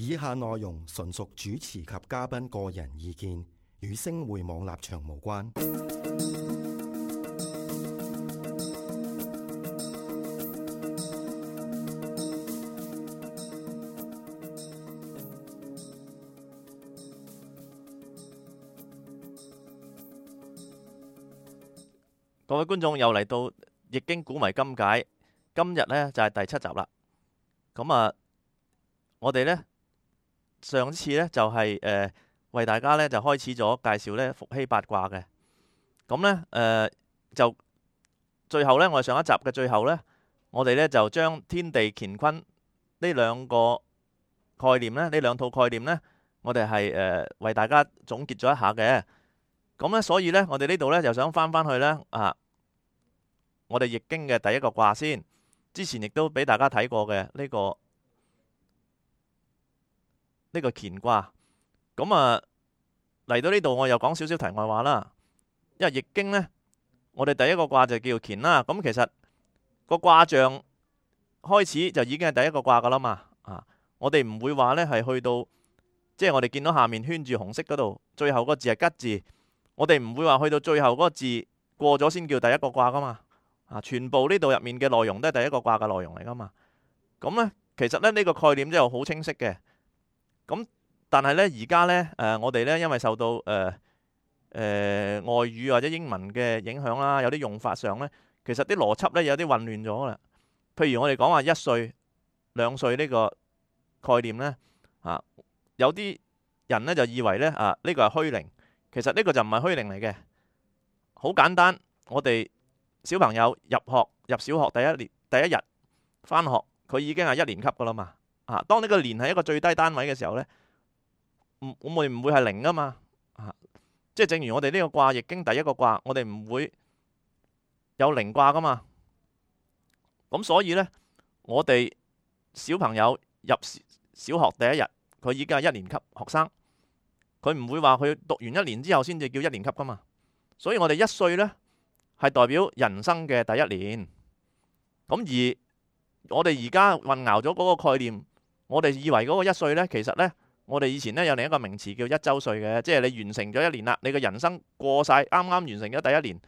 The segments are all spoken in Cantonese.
以下內容純屬主持及嘉賓個人意見，與星匯網立場無關。各位觀眾又嚟到《易經古謎今解》，今日呢就係第七集啦。咁啊，我哋呢。上次咧就係誒為大家咧就開始咗介紹咧伏羲八卦嘅，咁咧誒就最後咧我哋上一集嘅最後咧，我哋咧就將天地乾坤呢兩個概念咧呢兩套概念咧，我哋係誒為大家總結咗一下嘅，咁咧所以咧我哋呢度咧就想返返去咧啊，我哋易經嘅第一個卦先，之前亦都俾大家睇過嘅呢個。呢個乾卦咁啊嚟到呢度，我又講少少題外話啦。因為易經呢，我哋第一個卦就叫乾啦。咁其實個卦象開始就已經係第一個卦噶啦嘛。啊，我哋唔會話呢係去到即係我哋見到下面圈住紅色嗰度最後個字係吉字，我哋唔會話去到最後嗰個字過咗先叫第一個卦噶嘛。啊，全部呢度入面嘅內容都係第一個卦嘅內容嚟噶嘛。咁、啊、呢，其實咧呢個概念真係好清晰嘅。咁、嗯，但係咧，而家咧，誒、呃，我哋咧，因為受到誒誒、呃呃、外語或者英文嘅影響啦，有啲用法上咧，其實啲邏輯咧有啲混亂咗啦。譬如我哋講話一歲、兩歲呢個概念咧，啊，有啲人咧就以為咧啊，呢、這個係虛齡，其實呢個就唔係虛齡嚟嘅。好簡單，我哋小朋友入學入小學第一年第一日返學，佢已經係一年級㗎喇嘛。啊！當呢個年係一個最低單位嘅時候呢，唔，我我唔會係零噶嘛，啊、即係正如我哋呢個卦易經第一個卦，我哋唔會有零卦噶嘛。咁所以呢，我哋小朋友入小學第一日，佢已經係一年級學生，佢唔會話佢讀完一年之後先至叫一年級噶嘛。所以我哋一歲呢，係代表人生嘅第一年。咁而我哋而家混淆咗嗰個概念。我哋以為嗰個一歲呢，其實呢，我哋以前呢有另一個名詞叫一周歲嘅，即係你完成咗一年啦，你嘅人生過晒，啱啱完成咗第一年，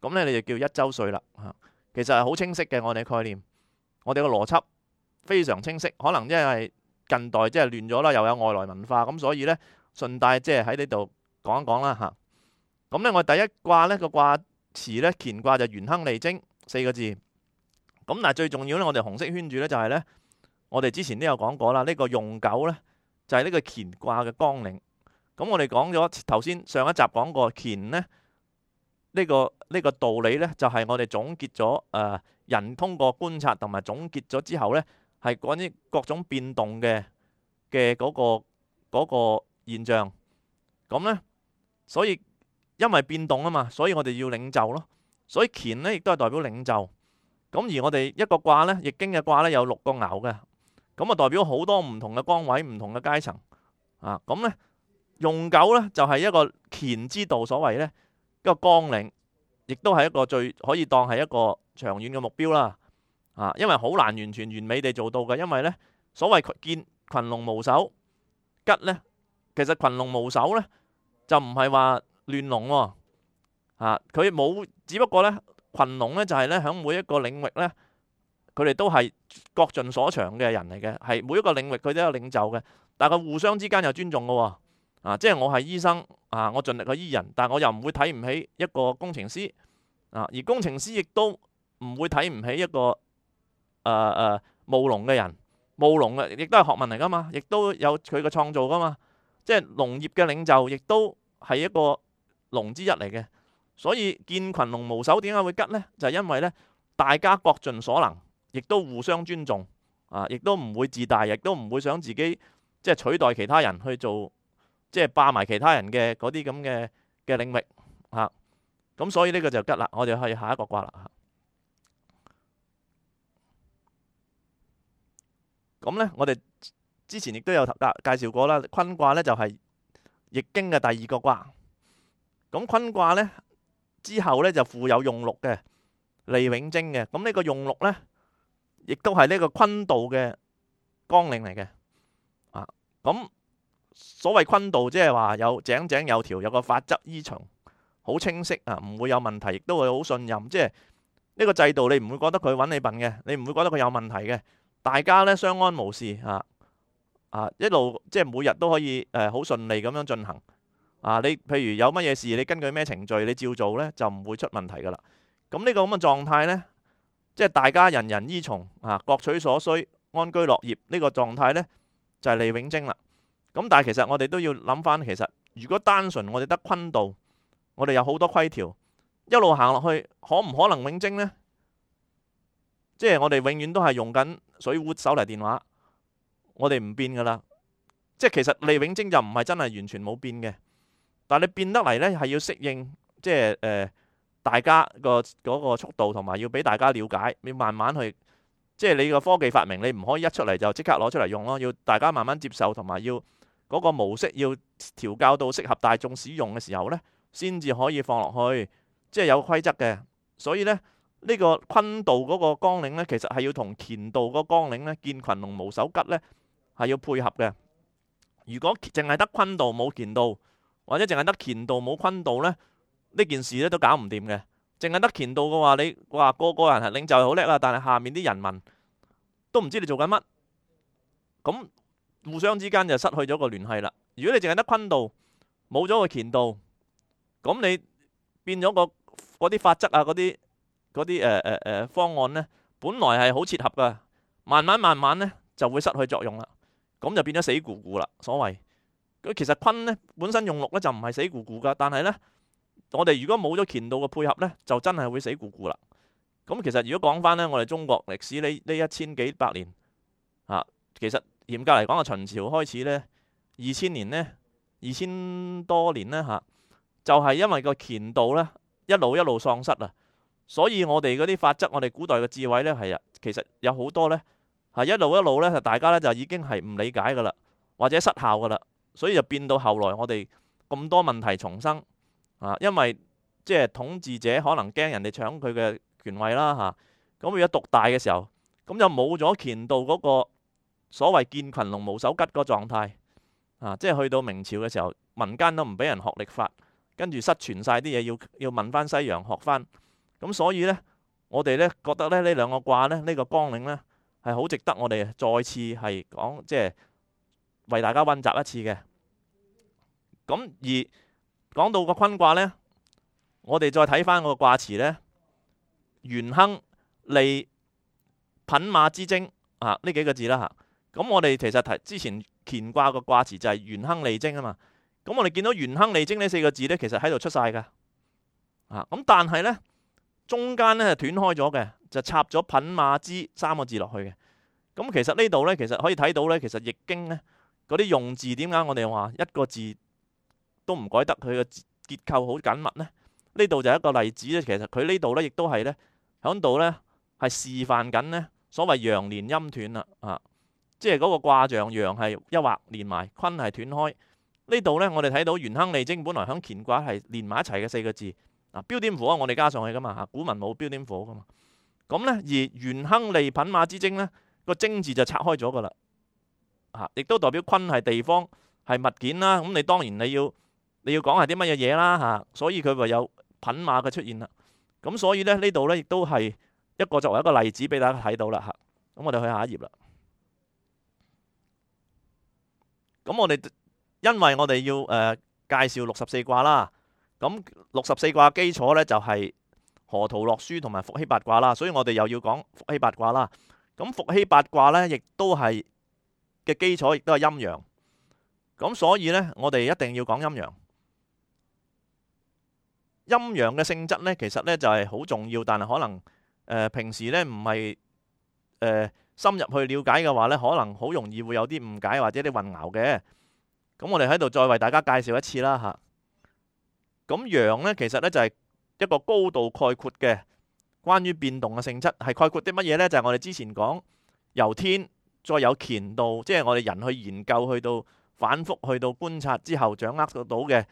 咁呢，你就叫一周歲啦嚇。其實係好清晰嘅，我哋嘅概念，我哋嘅邏輯非常清晰。可能即係近代即係亂咗啦，又有外來文化，咁所以呢，順帶即係喺呢度講一講啦嚇。咁呢我第一卦呢個卦詞呢，乾卦就元亨利貞四個字。咁嗱最重要呢，我哋紅色圈住呢，就係呢。我哋之前都有講過啦，呢、這個用九呢就係、是、呢個乾卦嘅綱領。咁我哋講咗頭先上一集講過，乾呢呢、這個呢、這個道理呢就係、是、我哋總結咗誒、呃、人通過觀察同埋總結咗之後呢係關於各種變動嘅嘅嗰個嗰、那個現象。咁呢所以因為變動啊嘛，所以我哋要領袖咯。所以乾呢亦都係代表領袖。咁而我哋一個卦呢易經嘅卦呢有六個爻嘅。咁啊，代表好多唔同嘅崗位、唔同嘅階層啊！咁咧用九咧就係、是、一個乾之道，所謂咧一個綱領，亦都係一個最可以當係一個長遠嘅目標啦啊！因為好難完全完美地做到嘅，因為咧所謂羣見羣龍無首吉咧，其實群龍無首咧就唔係話亂龍喎、哦、啊！佢冇，只不過咧群龍咧就係咧喺每一個領域咧。佢哋都係各盡所長嘅人嚟嘅，係每一個領域佢都有領袖嘅。但係互相之間又尊重嘅，啊，啊，即係我係醫生啊，我盡力去醫人，但我又唔會睇唔起一個工程師啊。而工程師亦都唔會睇唔起一個誒誒務農嘅人，務農嘅亦都係學問嚟噶嘛，亦都有佢嘅創造噶嘛。即係農業嘅領袖，亦都係一個龍之一嚟嘅。所以見群龍無首點解會吉呢？就係、是、因為呢，大家各盡所能。亦都互相尊重，啊！亦都唔會自大，亦都唔會想自己即係取代其他人去做，即係霸埋其他人嘅嗰啲咁嘅嘅領域，吓。咁所以呢個就吉啦，我哋去下一個卦啦。吓，咁呢，我哋之前亦都有介介紹過啦，坤卦呢就係易經嘅第二個卦。咁坤卦呢之後呢，就附有用六嘅利永貞嘅，咁呢個用六呢？亦都係呢個坤道嘅綱領嚟嘅，啊咁所謂坤道即係話有井井有條，有個法則依從，好清晰啊，唔會有問題，亦都會好信任。即係呢個制度，你唔會覺得佢揾你笨嘅，你唔會覺得佢有問題嘅。大家呢相安無事啊，啊一路即係每日都可以誒好順利咁樣進行啊。你譬如有乜嘢事，你根據咩程序，你照做呢，就唔會出問題噶啦。咁、啊、呢、呢個咁嘅狀態呢。即係大家人人依從啊，各取所需，安居樂業，呢個狀態呢，就係利永貞啦。咁但係其實我哋都要諗翻，其實如果單純我哋得坤道，我哋有好多規條，一路行落去，可唔可能永貞呢？即係我哋永遠都係用緊水壺手提電話，我哋唔變噶啦。即係其實利永貞就唔係真係完全冇變嘅，但係你變得嚟呢，係要適應，即係誒大家個嗰個速度同埋要俾大家了解，你慢慢去，即係你個科技發明，你唔可以一出嚟就即刻攞出嚟用咯，要大家慢慢接受同埋要嗰個模式要調校到適合大眾使用嘅時候呢，先至可以放落去，即係有規則嘅。所以呢，呢個坤道嗰個綱領咧，其實係要同乾道嗰個綱領咧，見羣龍無首吉呢，係要配合嘅。如果淨係得坤道冇乾道，或者淨係得乾道冇坤道呢。呢件事咧都搞唔掂嘅，淨係得乾道嘅話，你話個個人係領袖好叻啦，但係下面啲人民都唔知你做緊乜，咁互相之間就失去咗個聯繫啦。如果你淨係得坤道，冇咗個乾道，咁你變咗個嗰啲法則啊，嗰啲啲誒誒誒方案咧，本來係好切合噶，慢慢慢慢咧就會失去作用啦。咁就變咗死咕咕啦。所謂佢其實坤咧本身用六咧就唔係死咕咕噶，但係咧。我哋如果冇咗乾道嘅配合呢，就真係會死咕咕啦。咁其實如果講翻呢，我哋中國歷史呢，呢一千幾百年啊，其實嚴格嚟講啊，秦朝開始呢，二千年呢，二千多年呢，吓，就係因為個乾道呢一路一路喪失啦。所以我哋嗰啲法則，我哋古代嘅智慧呢，係啊，其實有好多呢，係一路一路呢，大家呢就已經係唔理解噶啦，或者失效噶啦，所以就變到後來我哋咁多問題重生。啊，因為即係統治者可能驚人哋搶佢嘅權位啦吓，咁、啊、如果獨大嘅時候，咁就冇咗乾道嗰個所謂見群龍無首吉個狀態，啊，即係去到明朝嘅時候，民間都唔俾人學曆法，跟住失傳晒啲嘢，要要問翻西洋學翻，咁所以呢，我哋呢覺得咧呢兩個卦呢，呢、呢個綱領呢，係好值得我哋再次係講，即係為大家温習一次嘅，咁而。講到個坤卦呢，我哋再睇翻我個卦辭呢。元亨利品馬之貞啊呢幾個字啦吓。咁我哋其實提之前乾卦個卦辭就係元亨利貞啊嘛。咁我哋見到元亨利貞呢四個字呢，其實喺度出晒噶。咁但係呢，中間呢係斷開咗嘅,就插咗品馬之三個字落去嘅。咁其實呢度呢，其實可以睇到呢，其實易經呢嗰啲用字點解我哋話一個字？都唔改得佢嘅結構好緊密呢。呢度就係一個例子咧。其實佢呢度咧亦都係咧響度咧係示範緊呢所謂陽連陰斷啦，啊，即係嗰個卦象陽係一畫連埋，坤係斷開。呢度咧我哋睇到元亨利貞本來響乾卦係連埋一齊嘅四個字啊，標點符啊我哋加上去噶嘛吓，啊，古文冇標點符噶嘛。咁咧而元亨利品馬之貞咧，個貞字就拆開咗噶啦，啊，亦都代表坤係地方係物件啦，咁你當然你要。你要講係啲乜嘢嘢啦吓，所以佢唯有品馬嘅出現啦，咁所以咧呢度咧亦都係一個作為一個例子俾大家睇到啦吓，咁我哋去下一頁啦。咁我哋因為我哋要誒介紹六十四卦啦，咁六十四卦基礎咧就係河圖洛書同埋伏羲八卦啦，所以我哋又要講伏羲八卦啦。咁伏羲八卦咧亦都係嘅基礎，亦都係陰陽。咁所以咧我哋一定要講陰陽。陰陽嘅性質咧，其實咧就係、是、好重要，但係可能誒、呃、平時咧唔係誒深入去了解嘅話咧，可能好容易會有啲誤解或者啲混淆嘅。咁我哋喺度再為大家介紹一次啦吓。咁陽咧，其實咧就係、是、一個高度概括嘅關於變動嘅性質，係概括啲乜嘢咧？就係、是、我哋之前講由天再有乾道，即、就、係、是、我哋人去研究去到反覆去到觀察之後掌握到嘅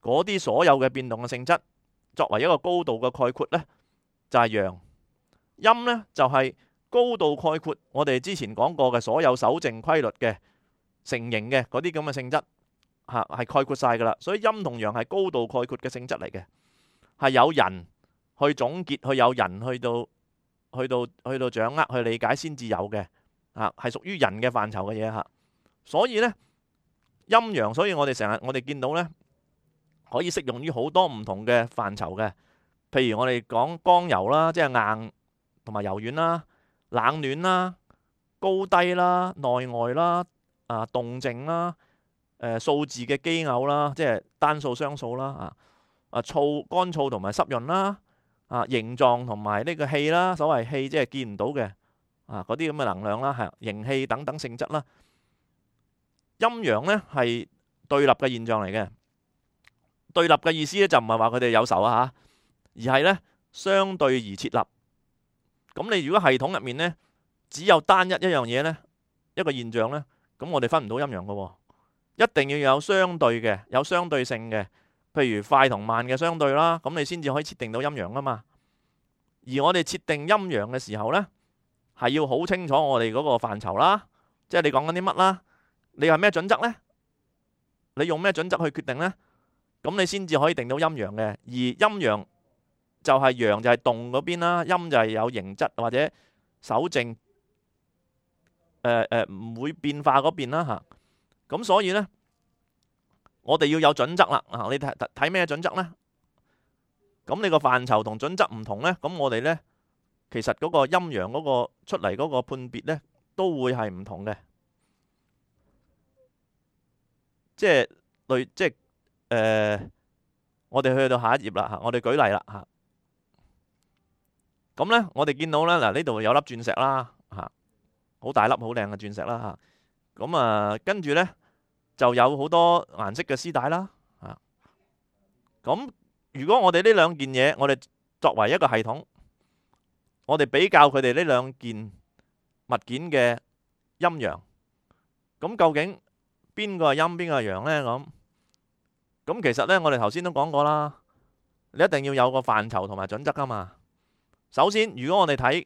嗰啲所有嘅變動嘅性質。作為一個高度嘅概括呢，就係陽。陰呢，就係高度概括我哋之前講過嘅所有守正規律嘅成形嘅嗰啲咁嘅性質吓，係概括晒噶啦，所以陰同陽係高度概括嘅性質嚟嘅，係有人去總結去有人去到去到去到掌握去理解先至有嘅吓，係屬於人嘅範疇嘅嘢吓，所以呢，陰陽，所以我哋成日我哋見到呢。可以適用於好多唔同嘅範疇嘅，譬如我哋講剛柔啦，即係硬同埋柔軟啦、冷暖啦、高低啦、內外啦、啊動靜啦、誒、啊、數字嘅奇偶啦，即係單數雙數啦，啊啊燥乾燥同埋濕潤啦，啊形狀同埋呢個氣啦，所謂氣即係見唔到嘅，啊嗰啲咁嘅能量啦，係形氣等等性質啦，啊。陰陽咧係對立嘅現象嚟嘅。對立嘅意思咧，就唔係話佢哋有仇啊吓，而係呢，相對而設立。咁你如果系統入面呢，只有單一一樣嘢呢，一個現象呢，咁我哋分唔到陰陽嘅哦。一定要有相對嘅，有相對性嘅，譬如快同慢嘅相對啦，咁你先至可以設定到陰陽啊嘛。而我哋設定陰陽嘅時候呢，係要好清楚我哋嗰個範疇啦，即係你講緊啲乜啦？你係咩準則呢？你用咩準則去決定呢？咁你先至可以定到陰陽嘅，而陰陽就係陽就係動嗰邊啦，陰就係有形質或者守靜，誒誒唔會變化嗰邊啦嚇。咁所以咧，我哋要有準則啦吓。你睇睇咩準則咧？咁你個範疇同準則唔同咧，咁我哋咧其實嗰個陰陽嗰個出嚟嗰個判別咧，都會係唔同嘅，即係類即係。誒、呃，我哋去到下一頁啦吓，我哋舉例啦吓。咁咧，我哋見到咧嗱，呢度有粒鑽石啦吓，好大粒，好靚嘅鑽石啦吓。咁啊，跟住咧就有好多顏色嘅絲帶啦吓。咁如果我哋呢兩件嘢，我哋作為一個系統，我哋比較佢哋呢兩件物件嘅陰陽，咁究竟邊個係陰邊個係陽咧咁？咁其實呢，我哋頭先都講過啦，你一定要有個範疇同埋準則㗎嘛。首先，如果我哋睇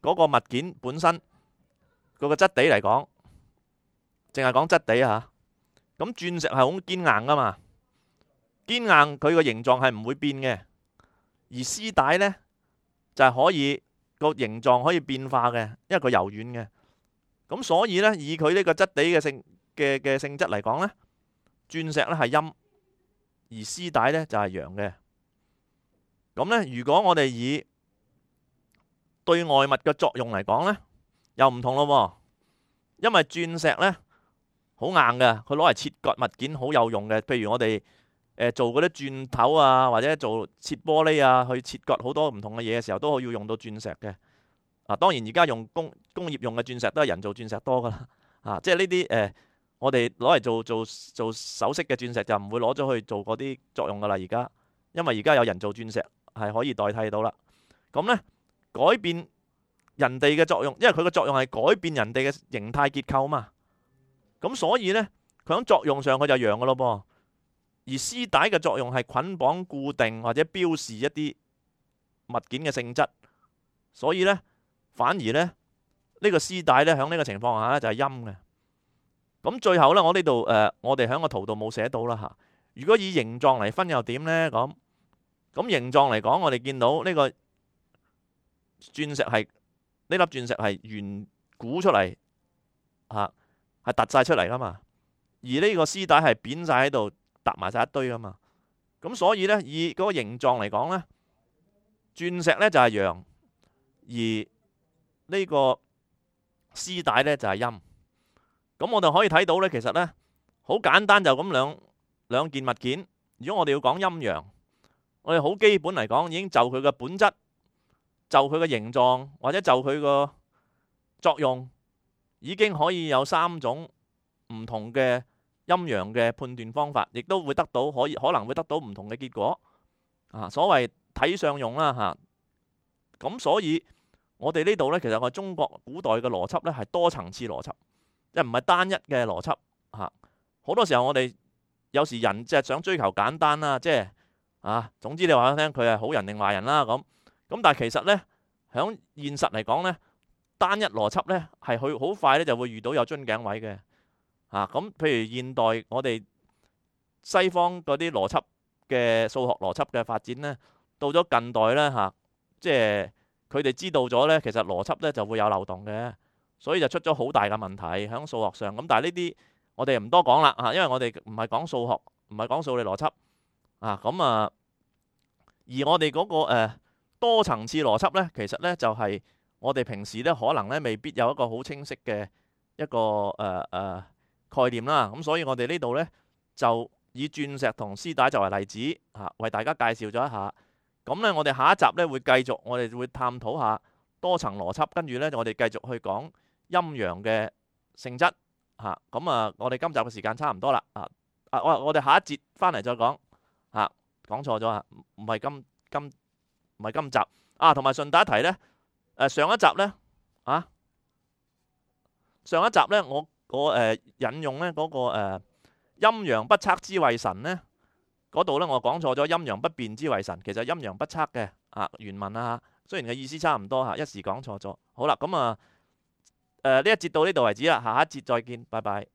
嗰個物件本身嗰個質地嚟講，淨係講質地吓，咁鑽石係好堅硬㗎嘛，堅硬佢個形狀係唔會變嘅，而絲帶呢就係可以個形狀可以變化嘅，因為佢柔軟嘅。咁所以呢，以佢呢個質地嘅性嘅嘅性質嚟講呢，鑽石呢係陰。而絲帶呢，就係陽嘅，咁呢，如果我哋以對外物嘅作用嚟講呢，又唔同咯喎，因為鑽石呢，好硬嘅，佢攞嚟切割物件好有用嘅，譬如我哋、呃、做嗰啲鑽頭啊，或者做切玻璃啊，去切割好多唔同嘅嘢嘅時候，都可以用到鑽石嘅。啊，當然而家用工工業用嘅鑽石都係人造鑽石多噶啦，啊，即係呢啲誒。呃我哋攞嚟做做做首飾嘅鑽石就唔會攞咗去做嗰啲作用噶啦，而家，因為而家有人造鑽石係可以代替到啦。咁呢，改變人哋嘅作用，因為佢嘅作用係改變人哋嘅形態結構嘛。咁所以呢，佢響作用上佢就陽噶咯噃。而絲帶嘅作用係捆綁固定或者標示一啲物件嘅性質，所以呢，反而呢，呢個絲帶呢，響呢個情況下呢就係陰嘅。咁最後咧，我呢度誒，我哋喺個圖度冇寫到啦吓。如果以形狀嚟分又點咧？咁咁形狀嚟講，我哋見到呢個鑽石係呢粒鑽石係圓鼓出嚟吓，係凸晒出嚟㗎嘛。而呢個絲帶係扁晒喺度，揼埋晒一堆㗎嘛。咁所以咧，以嗰個形狀嚟講咧，鑽石咧就係陽，而呢個絲帶咧就係陰。咁我哋可以睇到咧，其實咧好簡單，就咁兩兩件物件。如果我哋要講陰陽，我哋好基本嚟講，已經就佢嘅本質、就佢嘅形狀或者就佢個作用，已經可以有三種唔同嘅陰陽嘅判斷方法，亦都會得到可以可能會得到唔同嘅結果啊。所謂體相用啦吓，咁所以我哋呢度咧，其實我哋中國古代嘅邏輯咧係多層次邏輯。即唔係單一嘅邏輯嚇，好多時候我哋有時候人就係想追求簡單啦，即係啊，總之你話我聽佢係好人定壞人啦咁。咁但係其實呢，響現實嚟講呢，單一邏輯呢係去好快呢就會遇到有樽頸位嘅嚇。咁、啊、譬如現代我哋西方嗰啲邏輯嘅數學邏輯嘅發展呢，到咗近代呢，嚇、啊，即係佢哋知道咗呢，其實邏輯呢就會有漏洞嘅。所以就出咗好大嘅問題，響數學上，咁但係呢啲我哋唔多講啦嚇，因為我哋唔係講數學，唔係講數理邏輯啊。咁啊，而我哋嗰、那個、呃、多層次邏輯呢，其實呢就係、是、我哋平時呢可能呢未必有一個好清晰嘅一個誒誒、呃呃、概念啦。咁所以我哋呢度呢，就以鑽石同絲帶作為例子嚇、啊，為大家介紹咗一下。咁呢，我哋下一集呢會繼續，我哋會探討下多層邏輯，跟住呢，我哋繼續去講。陰陽嘅性質吓，咁啊，啊，我哋今集嘅時間差唔多啦啊，啊我我哋下一節翻嚟再講吓，講錯咗啊，唔係今今唔係今集啊，同埋順帶一提咧，誒上一集咧啊，上一集咧、啊、我我誒、呃、引用咧嗰、個誒陰陽不測之謂神咧，嗰度咧我講錯咗陰陽不變之謂神，其實陰陽不測嘅啊原文啊，雖然嘅意思差唔多吓，一時講錯咗，好啦咁啊。呃，呢一節到呢度為止啦，下一節再見，拜拜。